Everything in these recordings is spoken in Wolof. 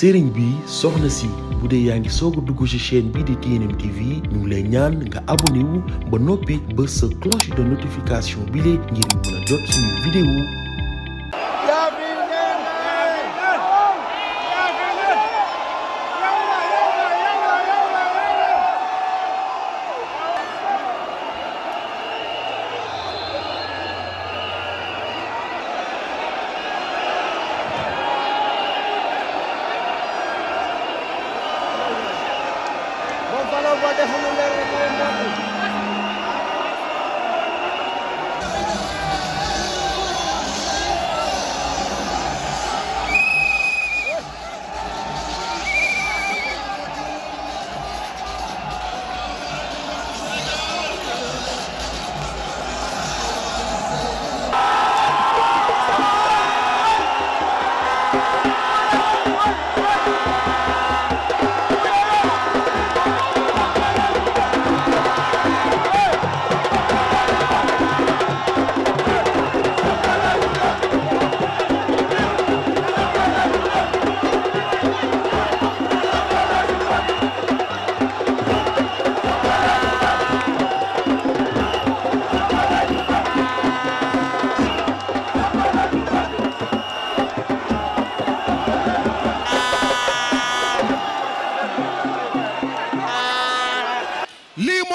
sëriñ bi soxna si bu dee yaa ngi soog a dugg ci chaîne bi di TNM TV ñu ngi lay ñaan nga abonné ba noppi ba sa cloche de notification bi lee ngir mën jot suñu vidéo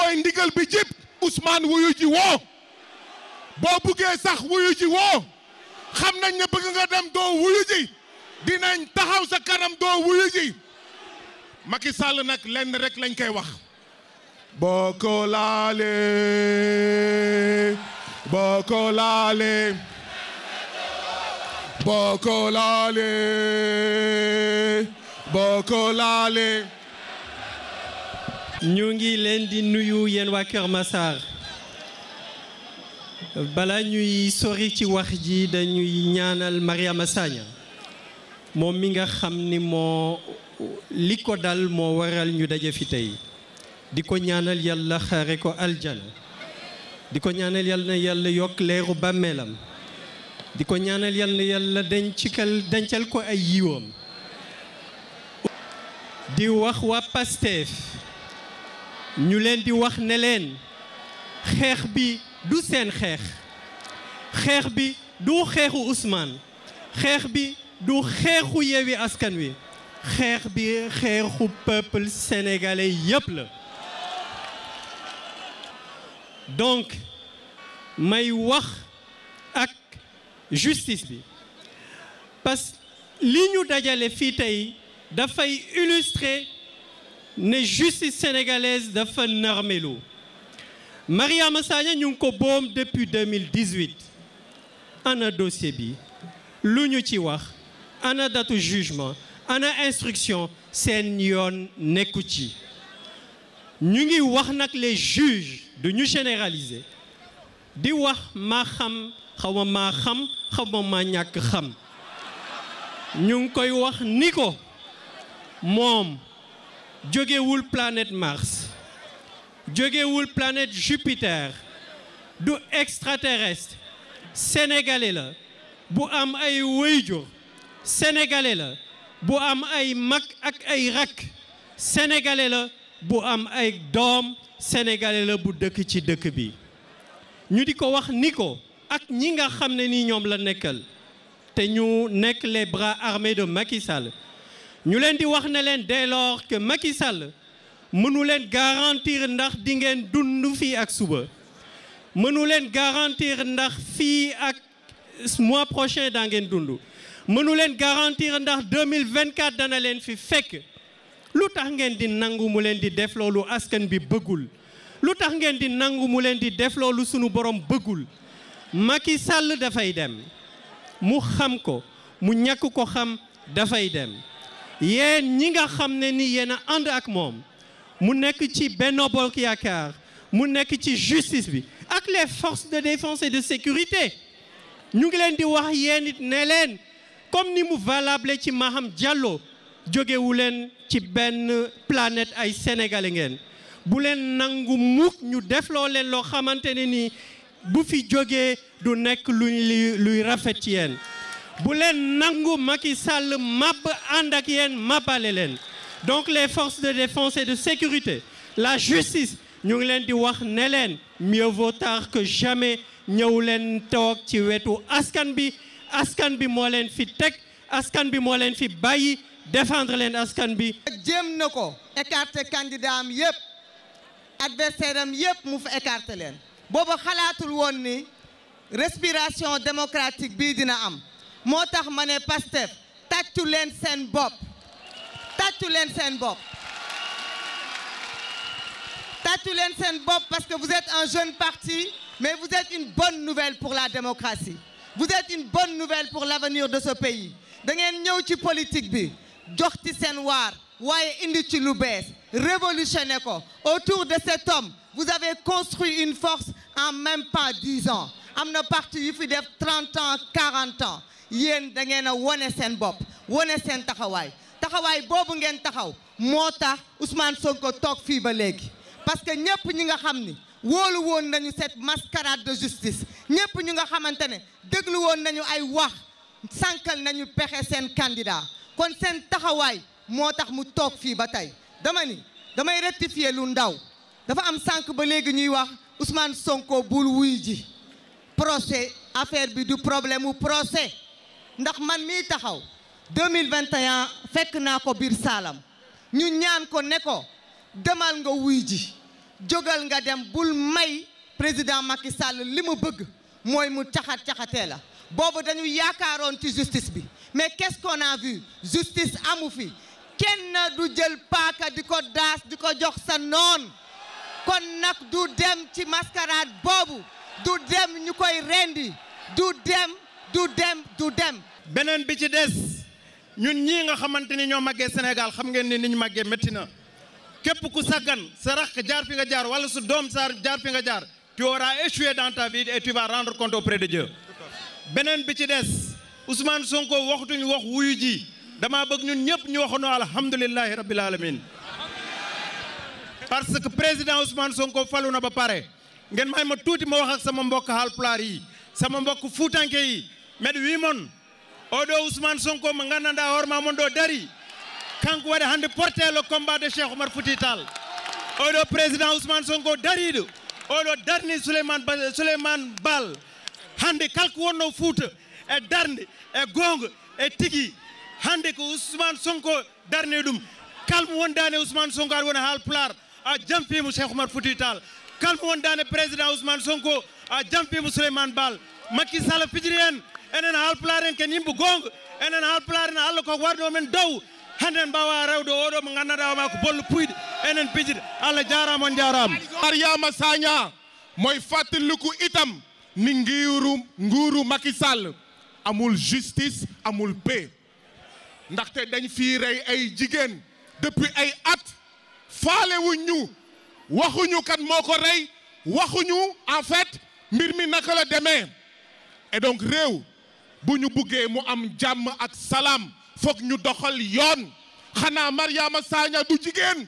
mooy ndigal bi jib Ousmane wuyu woo boo buggee sax wuyu woo xam nañ ne bëgg nga dem doo wuyu ji taxaw sa kanam doo wuyu ji Macky Sall nag lenn rek lañ koy wax boo ko laalee boo ko laalee boo ko laalee ñu ngi leen di nuyu yéen waa Kër Massar bala ñuy sori ci wax ji dañuy ñaanal Mariama Sagna moom mi nga xam ni moo li ko dal moo waral ñu daje fi tey di ko ñaanal yàlla xare ko aljana di ko ñaanal yàlla yàlla yokk leeru bàmmeelam di ko ñaanal yàlla yàlla dencal ko ay yiwam di wax waa ñu que di wax ne leen xeex bi du seen xeex xeex bi du xeexu Ousmane xeex bi du xeexu yewi Askan Wi xeex bi peuple sénégalais yépp la donc may wax ak justice bi parce que li ñu dajale fii tey illustrer ne justice sénégalaise de narmelu Maria Sagna ñu depuis 2018 ana dossier bi lu ci wax ana datu jugement ana instruction seen Nyon Nekuchi. ci ñu ngi wax les juges de ñu généraliser di wax maa xam xaw ma maa xam ma la planète Mars la planète Jupiter extraterrestres, extraterrestre sénégalais là, bu am ay les sénégalais là, bu am ay mak ak ay rak, sénégalais là, bu am ay les sénégalais là, Sénégalais, dëkk ci dëkk bi ñu di wax ak ñi nga ni ñom la nekkal te ñu les bras armés de Macky Sall ñu leen di wax ne leen dès lors que Macky Sall mënu leen garantir ndax dingeen ngeen dund fii ak suba mënu leen garantir ndax fii ak mois prochain daa ngeen dund mënu leen garantir ndax 2024 dana leen fi fekk lu tax ngeen di nangu mu leen di def loolu askan bi bëggul lu tax ngeen di nangu mu leen di def loolu sunu borom bëggul Macky Sall dafay dem mu xam ko mu ñàkk ko xam dafay dem yéen ñi nga xam ni yéen a ànd ak moom mu nekk ci Benno Bokk Yaakaar mu nekk ci justice bi ak les forces de défense et de sécurité ñu ngi leen di wax yéen it ne comme ni mu valable ci Maham Diallo jógewu leen ci benn planète ay sénégalais ngeen bu leen nangu mukk ñu defloo leen loo xamante ni bu fi jógee du nekk luñ luy rafet yéen bu leen nangu map Sall màbb ànd donc les forces de défense et de sécurité la justice ñu ngi leen di wax ne mieux vaut tard que jamais Nous l'en tok ci wetu askan bi askan bi moo leen fi tek, askan bi moo fi bàyyi défendre l'en askan bi jéem na écarter candidat am yëpp adversaire am yëpp mu fa écarter leen booba ni respiration démocratique bidina dina am moo mané pasteur tatchu len sen bop tatchu len sen bop tatchu len sen bop parce que vous êtes un jeune parti mais vous êtes une bonne nouvelle pour la démocratie vous êtes une bonne nouvelle pour l'avenir de ce pays da ngeen ñew ci politique bi jox ci seen waar indi ci lu ko autour de cet homme vous avez construit une force en même pas dix ans amna parti yu fi def trente ans 40 ans yéen da ngeen a wone seen bopp wone seen taxawaay taxawaay boobu ngeen taxaw moo tax Ousmane Sonko toog fii ba léegi parce que ñëpp ñi nga xam ni woolu woon nañu seet mascarade de justice ñëpp ñu nga xamante ne déglu woon nañu ay wax sànkal nañu pexe seen candidat kon seen taxawaay moo tax mu toog fii ba tey dama ni damay rectifier lu ndaw dafa am sànq ba léegi ñuy wax Ousmane Sonko bul wuy ji procès affaire bi du problème mu procès ndax man mi taxaw 2021 fekk naa ko biir saalam ñu ñaan ko ne ko demal nga wuy ji jógal nga dem bul may président Macky Sall li mu bëgg mooy mu caxat caxatee la boobu dañu yaakaaroon ci justice bi mais qu'est-ce qu'on a vu justice amu fi kenn du jël paaka di ko daas di ko jox sa noon kon nag du dem ci mascarade boobu du dem ñu koy rendi du dem du dem du dem. benen bi ci dess ñun ñi nga xamanteni ño magge senegal xam ngeen ni niñu magge metti na kep ku sagan sa rax jaar fi nga jaar wala su dom sa jaar fi nga jaar tu auras échoué dans ta vie et tu vas rendre compte auprès de Dieu. benen bi ci dess Ousmane Sonko ñu wax wuyu ji dama bëgg ñun ñëpp ñu no alhamdullilah rabbil alamin parce que président Ousmane Sonko falu na ba pare ngeen may ma touti ma wax ak sama mbokk Haalpulaar yi sama mbokk Fuutanke yi. mbeɗa wimon oɗo ousmane sonko mo gandanɗa hoorema moon ɗo daari kanko waɗi hande porté le combat de cheikh oumar fouti tall oɗo président ousmane sonko daariɗo oɗo darni souleymane souleymane bal hande kalko wonno fouta e darde e gonga e tigui hande ko ousmane sonko darni ɗum kalmo wondani ousmane sonko aɗa woni haalpular a jamfimo cheikh oumar fouti tall kalmo wondani président ousmane sonko a jamfimo souleymane bal makki sall pijiri hen enen haalpulaar en ken yimɓe goonga enen haalpulaar en allah koko warno men dow hannde en mbawa rewde oɗo mo gandanɗa ma ko bollo puyɗe enen pijida allah jarama on jarama mariama sagna moy fàttaliku itam ni ngiru nguuru Macky amul justice amul paix ndaxte dañ fii rey ay jigéen depuis ay at faalewuñ ñu moo ko rey waxuñu en fait mbir mi naka la demee et réew bu ñu buggee mu am jàmm ak salaam foog ñu doxal yoon xanaa Mariama Sagna du jigéen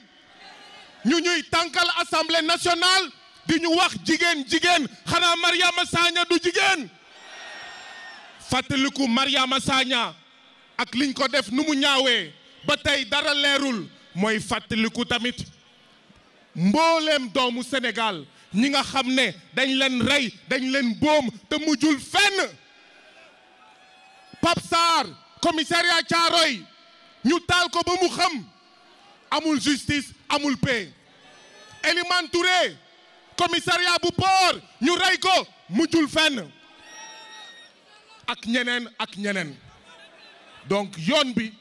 ñu ñuy tànkal assamble national di ñu wax jigéen jigéen xanaa Mariama Sagna du jigéen fàttaliku Mariama Sagna ak liñ ko def nu mu ñaawee ba tey dara leerul mooy fàttaliku tamit mbooleem doomu Sénégal ñi nga xam ne dañ leen rey dañ leen boom te mu jul fenn Pape Sarr commissariat Thiaroye ñu taal ko ba mu xam amul justice amul paix Elimane Touré commissariat bu port ñu rey ko mujjul fenn ak ñeneen ak ñeneen donc yoon bi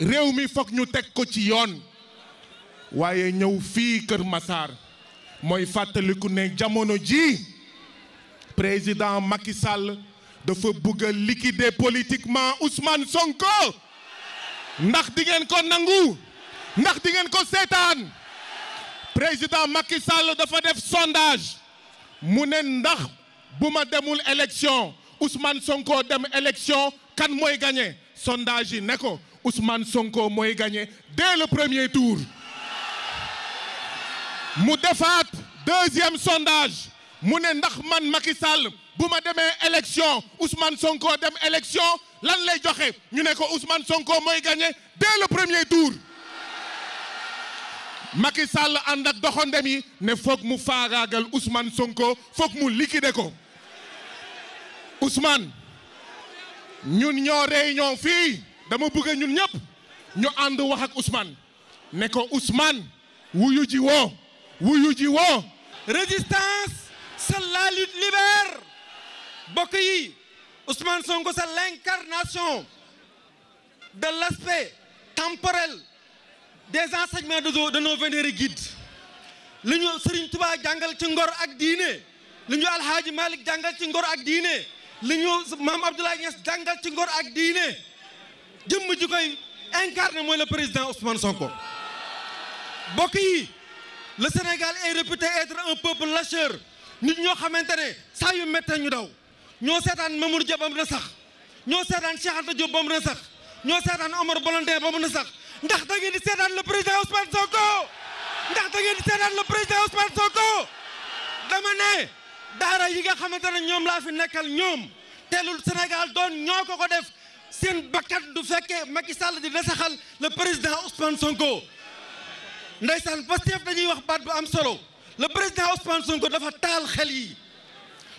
réew mi foog ñu teg ko ci yoon waaye ñëw fii Kër Massar mooy fàttaliku ne jamono ji président Macky The bëgg liquider politiquement Ousmane Sonko ndax di ko nangu ndax di ngeen ko président Macky Sall def sondage Munen ne ndax demul élection Ousmane Sonko dem élection kan moi gagné sondage yi Ousmane Sonko moi gagné dès le premier tour mu defat deuxième sondage mu ne ndax man Macky Sall buma ma élection Ousmane Sonko dem élection lan lay joxe ñu ne ko Ousmane Sonko moy gagné dès le premier tour. Macky Sall and ak nous yi ne mu faragal Ousmane Sonko fokk mu liquider ko Ousmane ñun ñoo réunion sommes dama bëgg ñun ñëpp ñu wax Ousmane ne ko Ousmane wuyu ji résistance c'est la lutte libère. bokk yi Ousmane Sonko c'est l'incarnation de l'aspect temporel des enseignements de nos vénérés guides lu ñu Serigne Touba jàngal ci ngor ak diine li ñu Alhaaji Malick jàngal ci ngor ak diine li ñu Maam Abdoulaye Niass jàngal ci ngor ak diine jëmm ji koy incarné mooy le président Ousmane Sonko bokk yi le Sénégal est réputé être un peuple lâcheur nit ñoo xamante ne saa yu ñu daw ñoo seetaan Mamour Dia ba mu na sax ñoo seetaan Cheikh Anta Diop ba mu na sax ñoo seetaan Omar Blondin ba mu na sax ndax da ngeen di seetaan le président Ousmane Sonko ndax da ngeen di seetaan le président Ousmane Sonko dama ne daara yi nga xamante ne ñoom laa fi nekkal ñoom teelul senegal doon ñoo ko ko def seen bakkat du fekkee Macky Sall di nasaxal le président Ousmane Sonko ndeysaan Pastef dañuy wax baat bu am solo le président Ousmane Sonko dafa taal xel yi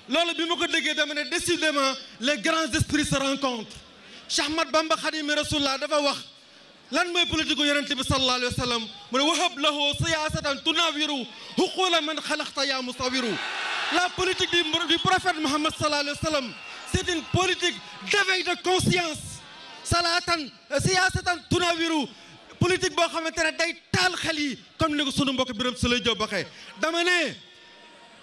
loolu bi ma ko déggee dama ne décidément les grands esprits se rencontrent Cheikh Ahmad Bamba Xaadimu Rasulullah dafa wax lan mooy politique u yonente bi sallallahu alayhi wasallam sallam wahab lahu siyaasatan tunawiru huqula man xalaqta ya musawiru la politique du du prophète Muhammad sallallahu alayhi wasallam c'est une politique d'éveil de conscience salatan siyaasatan tunawiru politique bo xamante ne day tal xel yi comme ni ko sunu mbokk Birame Souleye Diop waxee dama ne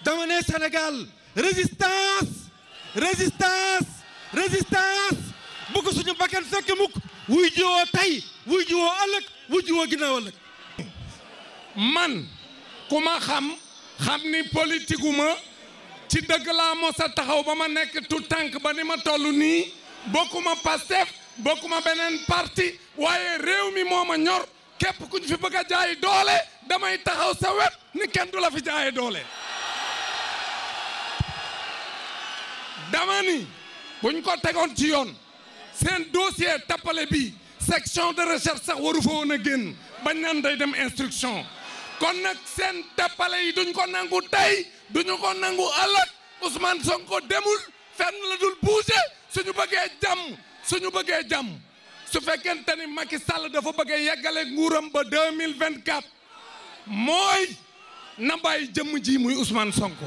dama ne Sénégal résistance résistance résistance bu ko suñu bakkan fekk mukk wuy jiwoo tey wuy jiwoo ëllëg wuy jiwoo ginnaaw ëllëg man ku ma xam xam ni politique ci dëgg laa mos a taxaw ba ma nekk tu tànk ba ni ma toll nii bokkuma Pastef bokkuma beneen parti waaye réew mi moo ma ñor képp ku ñu fi bëgg jaay doole damay taxaw sa wet ni kenn du la fi jaayee doole dama ni buñ ko tegoon ci yoon seen dossier tappale bi section de recherche sax waru fa woon a génn bañ naan day dem instruction kon nag seen tappale yi duñ ko nangu tey duñu ko nangu ëllëg Ousmane Sonko demul fenn la dul bouger suñu bëggee jàmm suñu bëggee jàmm su fekkente ni Macky Sall dafa bëggee yeggale nguuram ba 2024 mooy na bàyyi jëmm ji muy Ousmane Sonko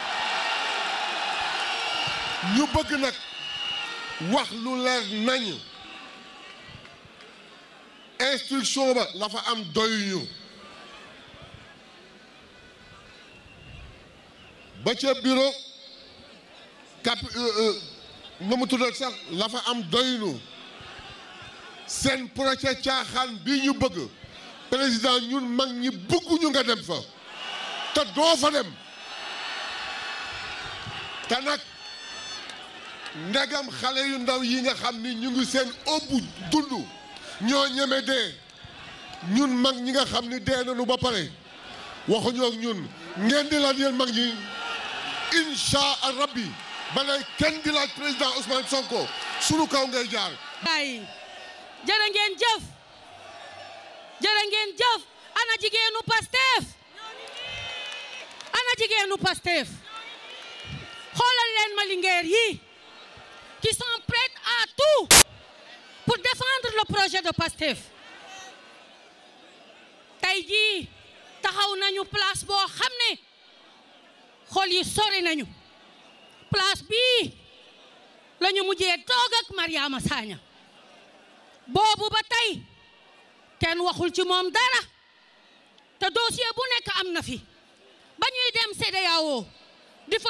ñu bëgg nag wax lu leer nañ instruction ba la fa am doyuñu ba ca bureau cap euh, euh, nu sax la fa am doyuñu seen projet caaxaan bi ñu bëgg président ñun mag ñi bëgguñu nga dem fa te doo fa dem te nag ndegam xale yu ndaw yi nga xam ni ñu ngi seen ëpp dund ñoo ñeme dee ñun mag ñi nga xam ni dee nañu ba pare waxuñu ak ñun ngeen di laaj yéen mag ñi incha rabbi balay kenn di laaj président Ousmane Sonko sunu kaw ngay jaar. ay jërë ngeen jëf jërë ngeen jëf ana jigéenu Pastef ana jigéenu Pastef xoolal leen ma lingeer yi. Ils sont prêts à tout pour défendre le projet de PASTEF Taïdi, nous taxaw nañu place bo xamné xol yi sori nañu place bi la nous avons ak Mariama Sagna Bobu ba tay kenn waxul ci mom dara te dossier bu nek amna fi Bañuy dem CDAO difa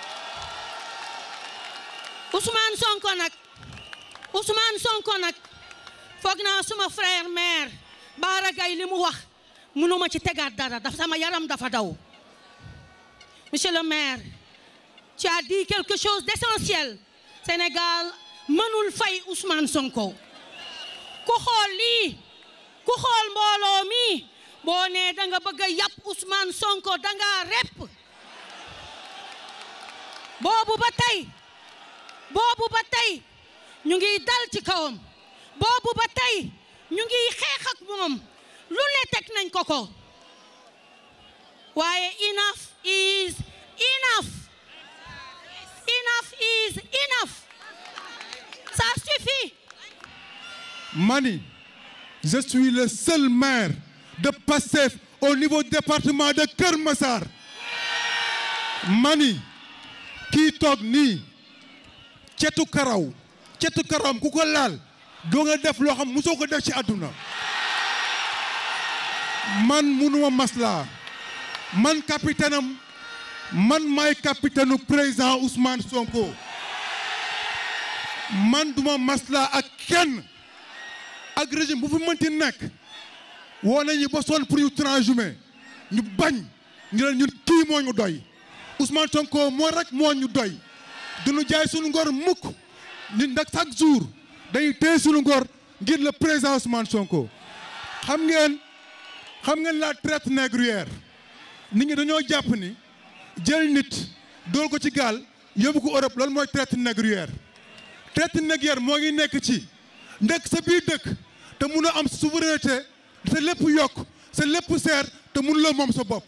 Ousmane Sonko nak Ousmane Sonko nak foog naa suma frère maire Bara Gaye li mu wax mënuma ci tegaat dara sama yaram dafa daw monsieur le maire tu as dit quelque chose d'essentiel Sénégal mënul fay Ousmane Sonko ko xol li ko xol mbolo mi boo da nga bëgg Ousmane Sonko da nga rep bobu ba boobu batay tey ñu ngi dal ci kawam boobu ba tey ñu ngi xeex ak moom lu ne teg nañ ko ko waaye enough is enough enough is enough ça suffit mani je suis le seul maire de Pastef au niveau département de Keur Massar mani kii toog nii cetu karaw cetu karawam ku ko laal doo nga def loo xam mosoo ko def ci àdduna man munuma maslaa man capitaine man maay capitaine président Ousmane Sonko man duma maslaa ak kenn ak régime bu fi mënti nekk woo nañu ba sonn pour ñu transhumé ñu bañ ñu leen kii moo ñu doy Ousmane Sonko moo rek moo ñu doy du ñu jaay suñu ngor mukk ñun nag chaque jour day téye suñu ngor ngir la président Ousmane Sonko xam ngeen xam ngeen laa traite négrière nit ñi dañoo jàpp ni jël nit dool ko ci gaal yóbbu ko Europe loolu mooy traite négrière traite négrière moo ngi nekk ci ndekk sa biir dëkk te mun a am souveraineté sa lépp yokk sa lépp seer te mun loo moom sa bopp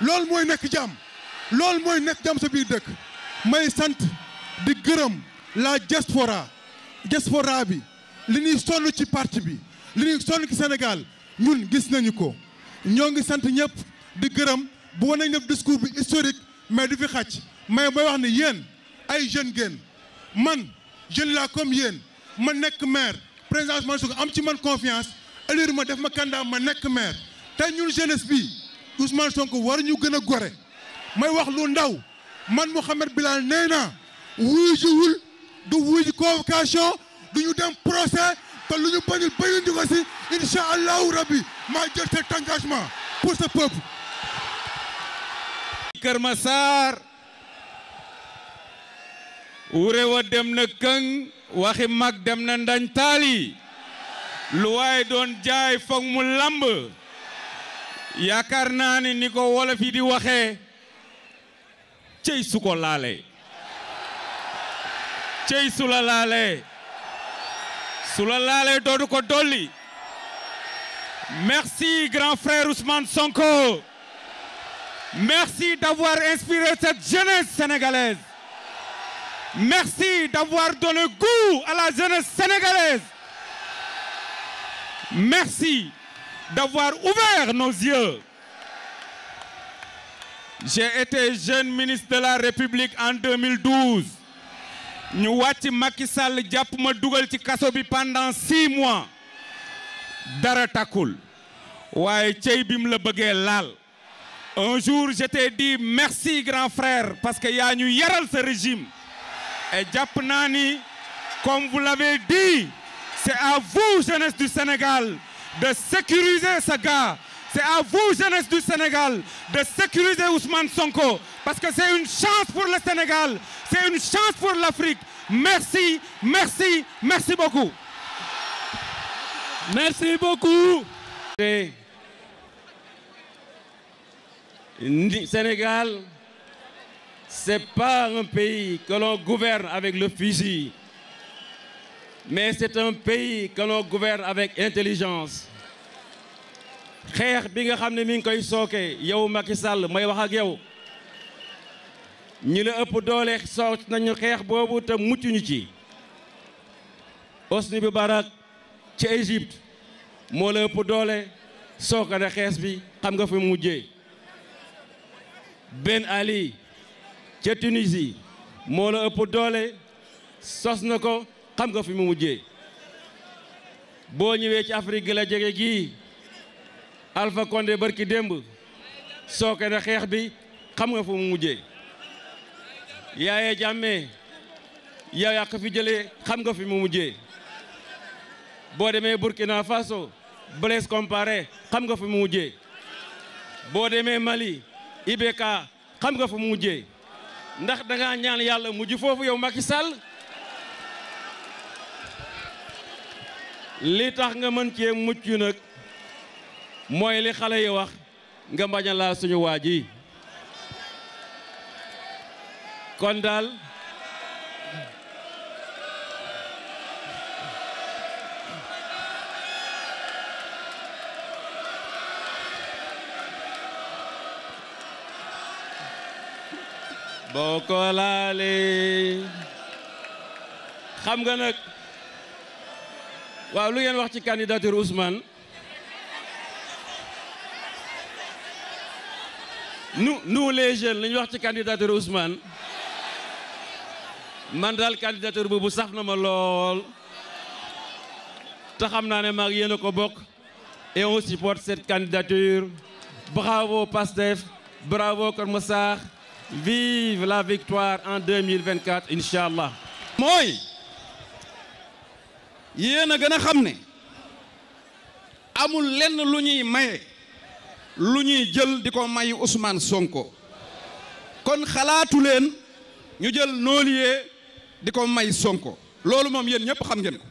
loolu mooy nekk jàmm loolu mooy nekk jàmm sa biir dëkk may sant di gërëm la diaspora diaspora bi li ñuy sonn ci parti bi li ñuy sonn ci Sénégal ñun gis nañu ko ñoo ngi sant ñëpp di gërëm bu wane ñëpp discours bi historique mais du fi xàcc mais booy wax ne yéen ay jeune ngeen man jeune laa comme yéen ma nekk maire président Ousmane Sonko am ci man confiance élire ma def ma candidat ma nekk maire te ñun jeunesse bi Ousmane Sonko war ñu gën a gore may wax lu ndaw man Mouhamed Bilal nee naa wuujuwul du wuuj convocation du dem procès te lu ñu bañul bañul ñu ko si incha allahu rabbi maa jël cet engagement pour ce peuple. Kër Massar wure wa dem na këng waxi mag dem na ndañ taali lu waaye doon jaay foog mu lamb yaakaar naa ni ni ko wolof yi di waxe cey su ko laale merci grand frère Ousmane Sonko merci d'avoir inspiré cette jeunesse sénégalaise merci d'avoir donné goût à la jeunesse sénégalaise merci d'avoir ouvert nos yeux j'ai été jeune ministre de la République en 2012 nous avons Macky Sall ma dougal ci kasso bi pendant six mois dara takul. Waye cey bi la bëggee un jour je t'ai dit merci grand frère parce que ya ñu yaral ce régime et jàpp comme vous l'avez dit c'est à vous jeunesse du Sénégal de sécuriser ce gars c'est à vous, jeunesse du Sénégal, de sécuriser Ousmane Sonko, parce que c'est une chance pour le Sénégal, c'est une chance pour l'Afrique. Merci, merci, merci beaucoup. Merci beaucoup. Sénégal, Sénégal, n'est pas un pays que l'on gouverne avec le fusil, mais c'est un pays que l'on gouverne avec intelligence. xeex bi nga xam ne mi ngi koy sooke yow Macky Sall may wax ak yow ñi la ëpp doole soo nañu xeex boobu te muccuñu ci Hosni Moubarak ci Égypte moo la ëpp doole sooke ne xees bi xam nga fi mujjee Ben Ali ca Tunisie moo la ëpp doole sos na ko xam nga fi mu mujje boo ñëwee ci Afrique la jege gii Alpha Condé barki demb soké na xex bi xam nga fu mu mujjé Yaya jamé yaa yak fi jëlé xam nga fi mu mujjé bo démé Burkina Faso Blaise Compaoré xam nga fu mu mujjé bo démé Mali Ibeka, xam nga fu mu mujjé ndax da nga ñaan yàlla mujj fofu yow Macky Sall li tax nga mën ci muccu nak moy li xalé yi wax nga Kondal, la suñu waji kon dal boko xam nga nak waaw lu ngeen wax ci candidature Ousmane nous nous les jeunes nous sommes wax Ousmane man daal de boobu saf na ma lool et on supporte cette candidature bravo Pastef bravo Keur vive la victoire en 2024 incha Moi, je yéen a gën a xam amul lenn lu ñuy jël di ko may Ousmane Sonko kon xalaatu leen ñu jël noolier di ko may Sonko loolu moom yéen ñëpp xam ngeen ko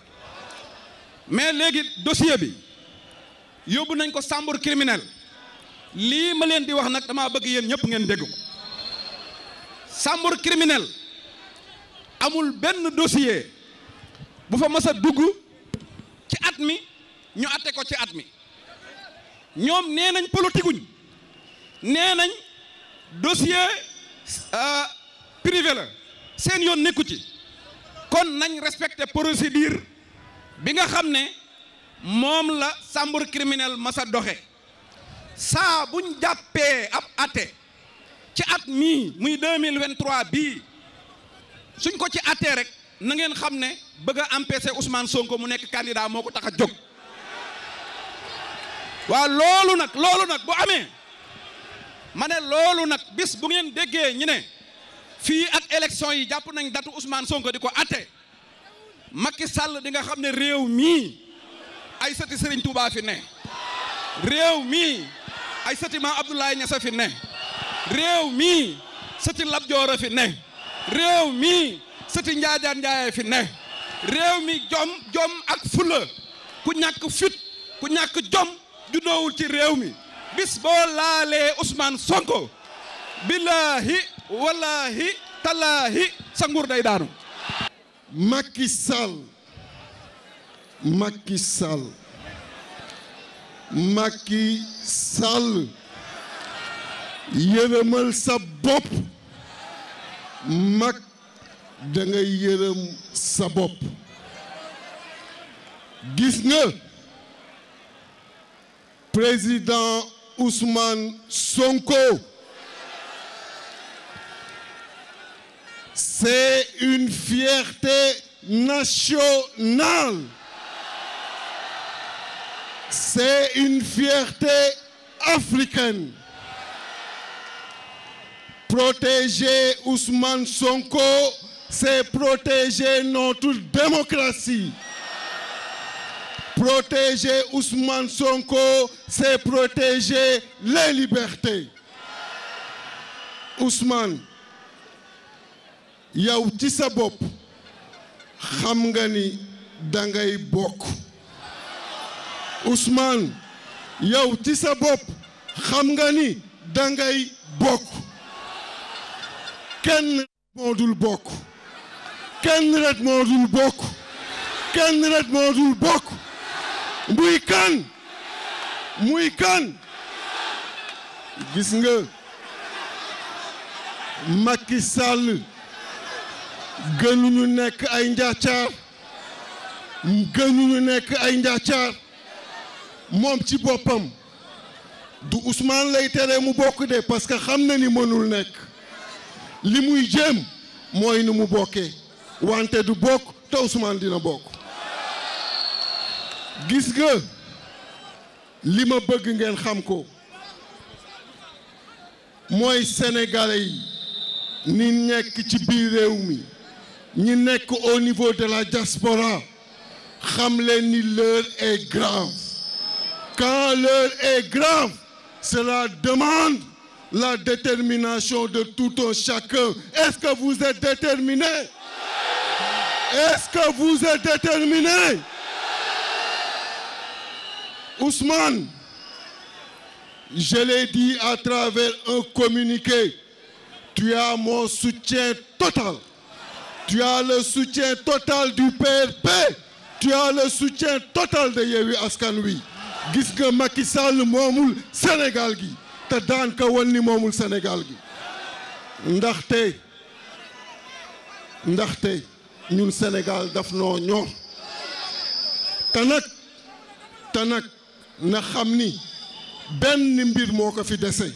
mais léegi dossier bi yóbbu nañ ko chambre criminelle lii ma leen di wax nag damaa bëgg yéen ñëpp ngeen dégg ko chambre criminelle amul benn dossier bu fa mës a dugg ci at mi ñu atte ko ci at mi ñoom nee nañ politikuñ nee nañ dossier euh, privé la seen yoon nekku ci kon nañ respecté procédure bi nga xam ne moom la chambre criminelle masa doxe saa buñ jàppee ab atte ci at mii muy 2023 bii suñ ko ci attee rek na ngeen xam ne bëgg a empêcher Ousmane Sonko mu nekk candidat moo ko tax a jóg waa loolu nag loolu nag bu amee ma ne loolu nag bis bu ngeen déggee ñi ne fii ak élection yi jàpp nañ datu usmaan Sonko di ko atte makki sàll di nga xam ne réew mii ay sëti Serigne Touba fi ne réew mii ay sëti ma Abdoulaye Niass fi ne réew mii sëti Lat Joor a fi ne réew mii sëti Njaajaan Njaay fi ne réew mi jom jom ak fula ku ñàkk fit ku ñàkk jom juddoowul ci réew mi bis boo laalee Ousmane Sonko billaahi wallaahi tallaahi sa nguur day daanu Macky Sall Macky Sall Macky Sall yërëmal sa bopp mag da yërëm sa bopp gis nga Président Ousmane Sonko. C'est une fierté nationale. C'est une fierté africaine. Protéger Ousmane Sonko, c'est protéger notre démocratie. Protéger Ousmane Sonko, c'est protéger les libertés. Ousmane, yow Tissabop, sa bopp xam dangay Ousmane, yow ci sa Bok. xam nga ni dangay bok Ken ce que Ken Red muy kan muy kan gis nga Macky Sall gënuñu nekk ay njaacaar gënuñu nekk ay njaacaar moom ci boppam du Ousmane lay tere mu bokk de parce que xam na ni mënul nekk li muy jëm mooy nu mu bokkee wante du bokk te Ousmane dina bokk gis nga li ma bëgg ngeen xam ko sénégalais yi ñi nekk ci biir au niveau de la diaspora xam leen ni l'heure est grave quand l'heure est grave cela demande la détermination de tout un chacun est-ce que vous êtes déterminés est-ce que vous êtes déterminés Ousmane, je l'ai dit à travers un communiqué, tu as mon soutien total. Tu as le soutien total du PRP. Tu as le soutien total de Yewi Askanoui. gis nga Macky Sall Sénégal gi te daan ka wan ni moomul Sénégal gi ndaxte nous, ñun Sénégal Dafno noo ñor na xam ni benn mbir moo ko fi dese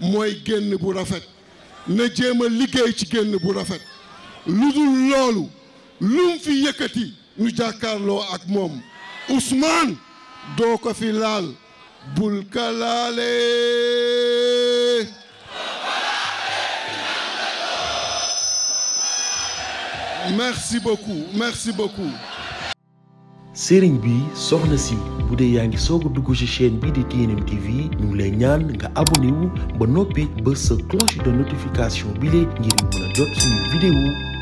mooy génn bu rafet na jéem a liggéey ci génn bu rafet lu dul loolu lum fi yëkkati ñu jàkkaarloo ak moom Ousmane doo ko fi laal bul ka laale merci beaucoup sëriñ bi soxna si bu dee yaa ngi soog a dugg ci chaîne bi di TNM TV ñu ngi lay ñaan nga abonné ba noppi ba sa cloche de notification bi lee ngir mën a jot suñu vidéo